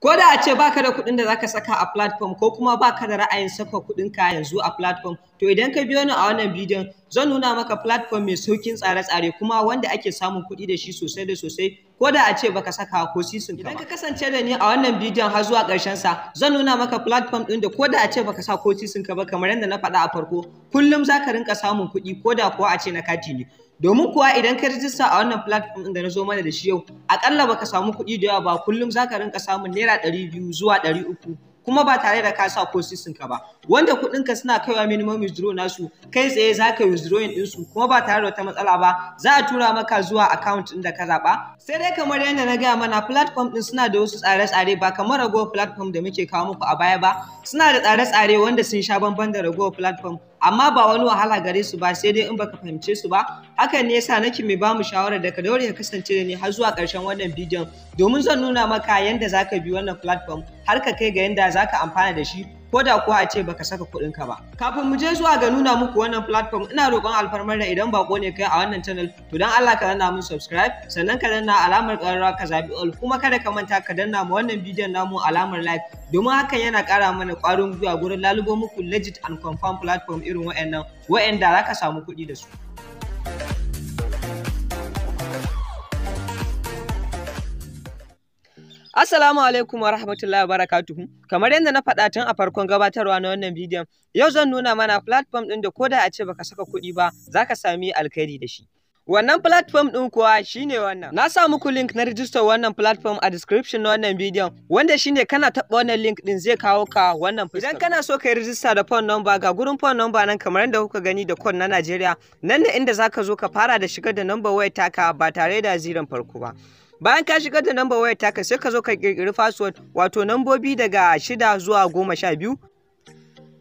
ko da a ce baka da kuɗin da zaka saka a platform ko kuma baka da ra'ayin saka kuɗin ka yanzu a platform to idan ka biyo ni a wannan bidiyon zan nuna maka platform mai saukin tsare-tsare kuma wanda ake samun kuɗi da shi sosai da sosai ko da a ce baka saka ko sisin ka idan ka kasance da ni a wannan bidiyon har zuwa ƙarshen sa zan nuna maka platform ɗin da ko da a ce baka sa ko sisin ka ba kamar yadda na faɗa a farko kullum zaka rinka samun kuɗi ko da kuwa a ce na kati ne domin kuwa idan ka rijista a wannan platform ɗin da na zo mana da shi yau akalla baka samu kuɗi da yawa ba kullum zaka rinka samun naira ɗari biyu zuwa ɗari uku kuma ba tare da ka sa ko ka ba wanda kuɗin ka suna kaiwa minimum withdraw nasu kai tsaye za ka withdrawing ɗinsu kuma ba tare da wata matsala ba za a tura maka zuwa account ɗin da ka zaɓa sai dai kamar yadda na gaya mana platform ɗin suna da wasu tsare-tsare ba kamar ragowar platform da muke kawo muku a baya ba suna da tsare-tsare wanda sun sha bamban da ragowar platform amma ba wani wahala gare su ba sai dai in baka fahimce su ba hakan ne yasa nake mai bamu shawara da ka daure ka kasance da ni har zuwa ƙarshen wannan bidiyon domin zan nuna maka yanda zaka bi wannan platform har ka kai ga yanda zaka amfana da shi ko da kuwa a ce baka saka kuɗin ka ba kafin mu je zuwa ga nuna muku wannan platform ina roƙon alfarmar da idan bako ne kai a wannan channel to dan Allah ka danna mun subscribe sannan ka danna alamar ƙararrawa ka zabi all kuma kada ka manta ka danna mu wannan bidiyon namu alamar like domin hakan yana ƙara mana ƙwarin gwiwa gurin lalubo muku legit and confirm platform irin wa'annan wa'anda za ka samu kuɗi da su Assalamu alaikum wa rahmatullahi Kamar yadda na faɗa tun a farkon gabatarwa na wannan bidiyon, yau zan nuna mana platform ɗin da koda a ce baka saka kuɗi ba, za ka sami alkhairi da shi. Wannan platform ɗin kuwa shine wannan. Na sa muku link na register wannan platform a description na wannan bidiyon, wanda shine kana taɓa wannan link ɗin zai kawo ka wannan fuskar. Idan kana so ka yi da phone number ga gurin phone number nan kamar yadda kuka gani da code na Najeriya, nan da inda zaka zo ka fara da shigar da number wayar taka ba tare da ziran farko ba. bayan ka shigar da lambar wayar taka sai ka zo ka kirkiri password wato nambobi daga shida zuwa goma sha biyu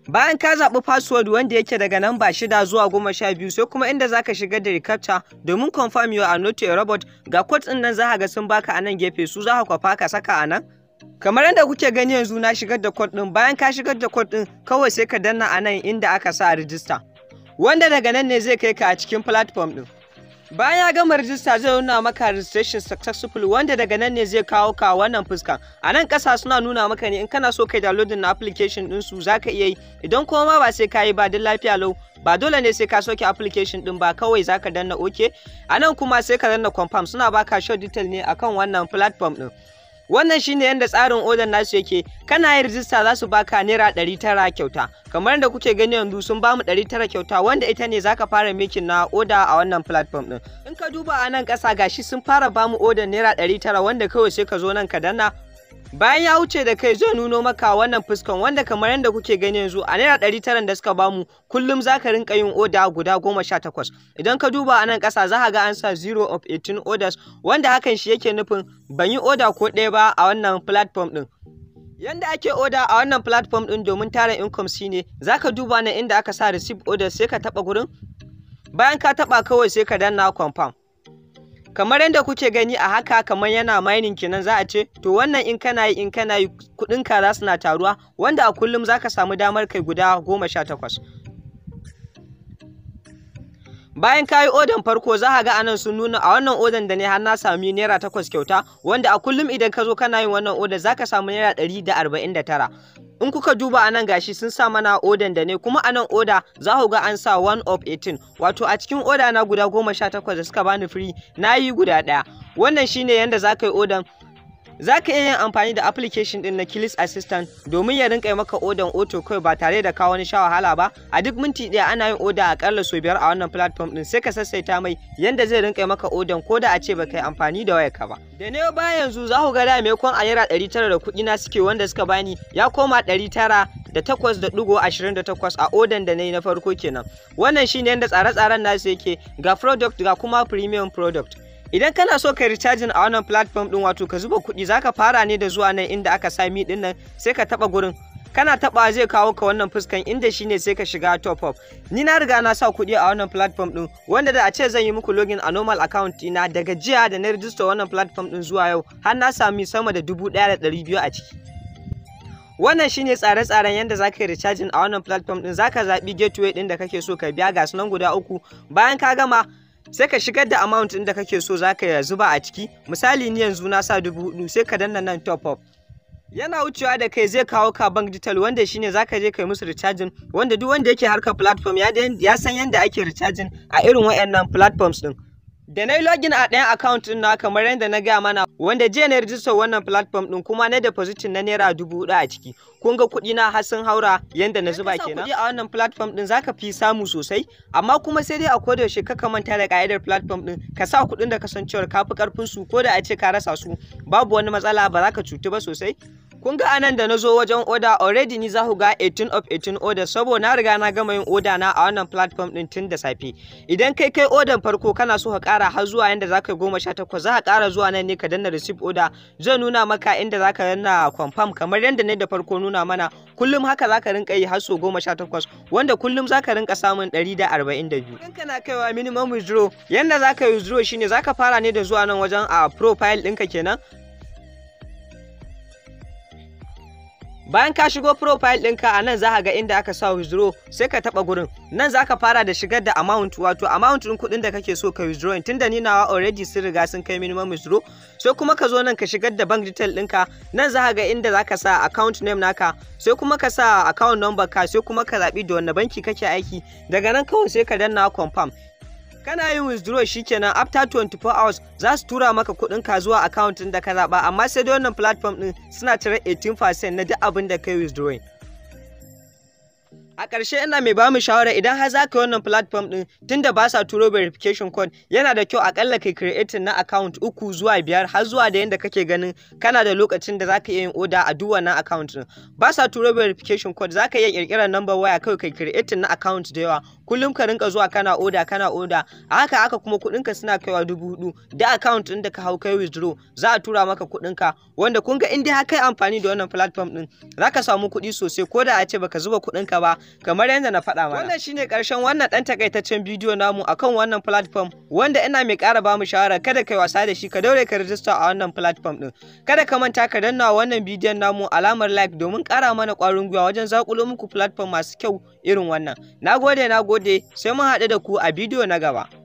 bayan ka zaɓi password wanda yake daga namba shida zuwa goma sha biyu sai kuma inda zaka shigar da recaptcha domin confirm your are a robot ga codes ɗin nan za ga sun baka a nan gefe su za ka kwafa ka saka a nan kamar yadda kuke gani yanzu na shigar da code ɗin bayan ka shigar da code ɗin kawai sai ka danna a nan inda aka sa a register wanda daga nan ne zai kai ka a cikin platform ɗin Baya gama rijista zai nuna maka registration successful wanda daga nan ne zai kawo ka wannan fuskan a nan ƙasa suna nuna maka ne in kana so kai downloading na application din su zaka iya yi idan kuma ma ba sai ka yi ba duk lafiya lau ba dole ne sai ka soke application din ba kawai zaka danna okay a nan kuma sai ka danna confirm suna baka show detail ne akan wannan platform din wannan shine yadda tsarin odar nasu yake kana yin rijista za su baka naira ɗari tara kyauta kamar da kuke gani yanzu sun bamu ɗari tara kyauta wanda ita ne zaka fara mikin na oda a wannan platform ɗin in ka duba a nan ƙasa gashi sun fara bamu odan naira ɗari tara wanda kawai sai ka zo nan ka danna bayan ya wuce da kai zai nuno maka wannan fuskan wanda kamar yadda kuke gani yanzu a naira ɗari tara da suka bamu kullum za ka rinka yin oda guda goma sha takwas idan ka duba a nan ƙasa za ka ga an sa zero of 18 orders wanda hakan shi yake nufin ban yi oda ko ɗaya ba a wannan platform ɗin Yanda ake oda a wannan platform ɗin domin tara income ne za ka duba na inda aka sa receive order sai ka taɓa gurin bayan ka taɓa kawai sai ka danna confirm kamar yadda kuke gani a haka kamar yana mining kenan za a ce to wannan in kana yi in kana yi kuɗin ka za su na taruwa wanda a kullum za ka samu damar kai guda goma sha takwas bayan ka yi odan farko za ka ga anan sun nuna a wannan odan da ne har na sami naira takwas kyauta wanda a kullum idan ka zo kana yin wannan odan za ka samu naira ɗari da arba'in da tara in kuka duba anan gashi sun sa mana odan da ne kuma anan oda za ku ga an sa 1 of 18 wato a cikin oda na guda goma sha takwas da suka bani free na yi guda ɗaya wannan shine yanda za ka yi odan za ka iya yin amfani da application din na Kilis Assistant domin ya rinka maka odan auto kai ba tare da ka wani sha wahala ba a duk minti ɗaya ana yin oda akalla sau biyar a wannan platform din sai ka sassaita mai yanda zai rinka maka odan ko da a ce baka yi amfani da wayarka ba da ne ba yanzu za ku ga da maimakon a naira ɗari tara da kuɗi na suke wanda suka bani ya koma ɗari tara da takwas da ɗigo ashirin da takwas a odan da na yi na farko kenan wannan shine yanda tsare-tsaren nasu yake ga product ga kuma premium product Idan kana so ka recharging a wannan platform din wato ka zuba kuɗi zaka fara ne da zuwa nan inda aka sami din nan sai ka taba gurin kana taba zai kawo ka wannan fuskan inda shine sai ka shiga top up ni na riga na sa kuɗi a wannan platform din wanda da a ce zan yi muku login a normal account ina daga jiya da na register wannan platform din zuwa yau har na sami sama da dubu ɗaya da ɗari biyu a ciki wannan shine tsare-tsaren yadda za ka yi recharging a wannan platform din za ka zaɓi gateway ɗin da kake so ka biya ga nan guda uku bayan ka gama sai ka shigar da amount ɗin da kake so za ka zuba a ciki misali ni yanzu na sa dubu hudu sai ka danna nan top up yana wucewa da kai zai kawo ka bank digital wanda shine ka je kai musu recharging wanda duk wanda yake harkar platform ya san yadda ake recharging a irin wayannan platforms ɗin. Da na yi login a ɗayan account ɗin na kamar yadda na gaya mana wanda jiya na rijistar wannan platform ɗin kuma na depositin na naira dubu hudu a ciki. Kun ga kuɗi na har sun haura yadda na zuba kenan. Kuɗi a wannan platform ɗin zaka fi samu sosai amma kuma sai dai a koda yaushe ka manta da ƙa'idar platform ɗin ka sa kuɗin da ka kasancewar ka fi ƙarfin su ko da a ce ka rasa su babu wani matsala ba za ka cutu ba sosai kun ga anan da na zo wajen oda already ni za ku ga 18 of 18 order saboda na riga na gama yin oda na a wannan platform din tun da safe idan kai kai odan farko kana so ka kara har zuwa yanda za goma sha takwas za ka kara zuwa nan ne ka danna receive order zan nuna maka inda zaka ka danna confirm kamar yanda ne da farko nuna mana kullum haka zaka ka rinka yi har so goma sha takwas wanda kullum zaka ka rinka samun ɗari da arba'in da biyu idan kana kaiwa minimum withdraw yanda za ka withdraw shine za ka fara ne da zuwa nan wajen a ah, profile ɗinka kenan bayan ka shigo profile ɗinka a nan za ka ga inda aka sa withdraw sai ka taɓa gurin nan za ka fara da shigar da amount wato amount ɗin kuɗin da kake so ka withdraw tunda ni nawa already sun riga sun kai minimum withdraw sai kuma ka zo nan ka shigar da bank detail ɗinka nan za ka ga inda za ka sa account name naka sai kuma ka sa account number ka sai kuma ka zaɓi da wanne banki kake aiki daga nan kawai sai ka danna confirm kana yin withdraw shikenan after 24 hours za su tura maka kuɗin ka zuwa account din da ka zaba amma sai da wannan platform din suna tare 18% na duk abin da kai withdrawing A ƙarshe ina mai ba mu shawara idan har za ka yi wannan platform ɗin tunda ba sa turo verification code yana da kyau aƙalla kai creating na account uku zuwa biyar har zuwa da yadda kake ganin kana da lokacin da za ka iya yin oda a duk wannan account ɗin. Ba sa turo verification code za ka iya ƙirƙirar number waya kawai kai creating na account da yawa kullum ka rinka zuwa kana oda kana oda a haka haka kuma kuɗinka suna kaiwa dubu hudu da account ɗin da ka hau kai withdraw za a tura maka kuɗinka wanda kun ga in dai har kai amfani da wannan platform ɗin za ka samu kuɗi sosai ko da a ce baka zuba kuɗinka ba kamar yadda na faɗa mana wannan shine karshen wannan dan takaitaccen bidiyo namu akan wannan platform wanda ina mai ƙara ba mu shawara kada kai wasa da shi ka daure ka rijista a wannan platform din kada ka manta ka danna wannan bidiyon namu alamar like domin ƙara mana ƙwarin gwiwa wajen zakulo muku platform masu kyau irin wannan nagode nagode sai mun haɗu da ku a bidiyo na gaba